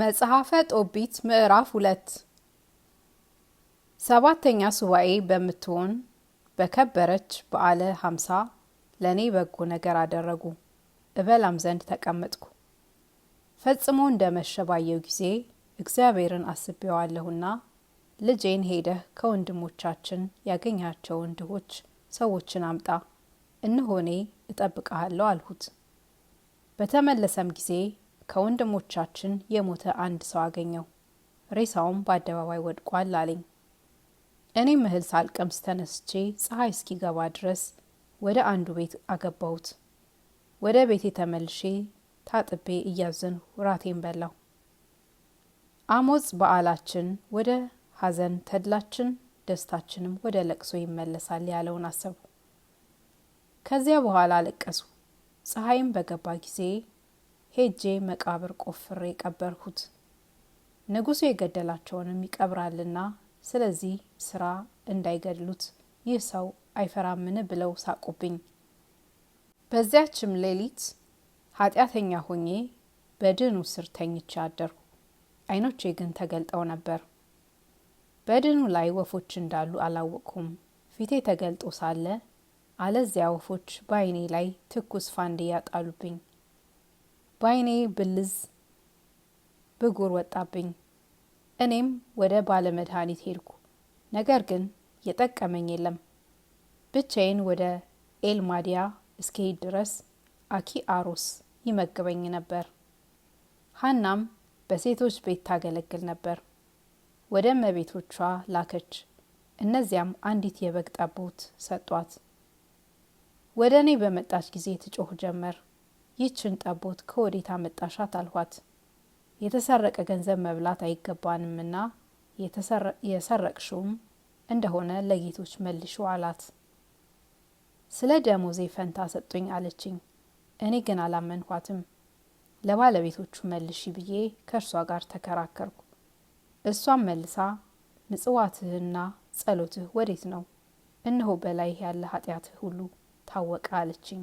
መጽሐፈ ጦቢት ምዕራፍ ሁለት ሰባተኛ ሱባኤ በምትሆን በከበረች በዓለ ሀምሳ ለእኔ በጎ ነገር አደረጉ። እበላም ዘንድ ተቀመጥኩ። ፈጽሞ እንደ መሸ ባየው ጊዜ እግዚአብሔርን አስቤዋለሁና ልጄን ሄደህ ከወንድሞቻችን ያገኛቸውን ድሆች ሰዎችን አምጣ፣ እንሆኔ እጠብቀሃለሁ አልሁት። በተመለሰም ጊዜ ከወንድሞቻችን የሞተ አንድ ሰው አገኘው፣ ሬሳውም በአደባባይ ወድቋል አለኝ። እኔም እህል ሳልቀምስ ተነስቼ ፀሐይ እስኪገባ ድረስ ወደ አንዱ ቤት አገባሁት። ወደ ቤቴ ተመልሼ ታጥቤ እያዘንሁ ራቴን በላው አሞጽ በዓላችን ወደ ሀዘን ተድላችን ደስታችንም ወደ ለቅሶ ይመለሳል ያለውን አሰቡ። ከዚያ በኋላ አለቀሱ። ፀሐይም በገባ ጊዜ ሄጄ መቃብር ቆፍሬ ቀበርኩት። ንጉሱ የገደላቸውንም ይቀብራልና ስለዚህ ስራ እንዳይገድሉት ይህ ሰው አይፈራምን ብለው ሳቁብኝ። በዚያችም ሌሊት ኃጢአተኛ ሆኜ በድኑ ስር ተኝቼ አደርኩ። አይኖቼ ግን ተገልጠው ነበር። በድኑ ላይ ወፎች እንዳሉ አላወቅኩም። ፊቴ ተገልጦ ሳለ አለዚያ ወፎች በአይኔ ላይ ትኩስ ፋንድ እያጣሉብኝ። በዓይኔ ብልዝ ብጉር ወጣብኝ። እኔም ወደ ባለመድኃኒት ሄድኩ። ነገር ግን የጠቀመኝ የለም። ብቻዬን ወደ ኤልማዲያ እስከሄድ ድረስ አኪ አሮስ ይመግበኝ ነበር። ሀናም በሴቶች ቤት ታገለግል ነበር። ወደ እመቤቶቿ ላከች። እነዚያም አንዲት የበግ ጠቦት ሰጧት። ወደ እኔ በመጣች ጊዜ ትጮህ ጀመር። ይችን ጠቦት ከወዴት አመጣሻት አልኋት። የተሰረቀ ገንዘብ መብላት አይገባንምና የሰረቅሽውም እንደሆነ ለጌቶች መልሹ አላት። ስለ ደሞዜ ፈንታ ሰጡኝ አለችኝ። እኔ ግን አላመንኳትም። ለባለቤቶቹ መልሺ ብዬ ከእርሷ ጋር ተከራከርኩ። እሷም መልሳ ምጽዋትህና ጸሎትህ ወዴት ነው? እነሆ በላይህ ያለ ኃጢአትህ ሁሉ ታወቀ አለችኝ።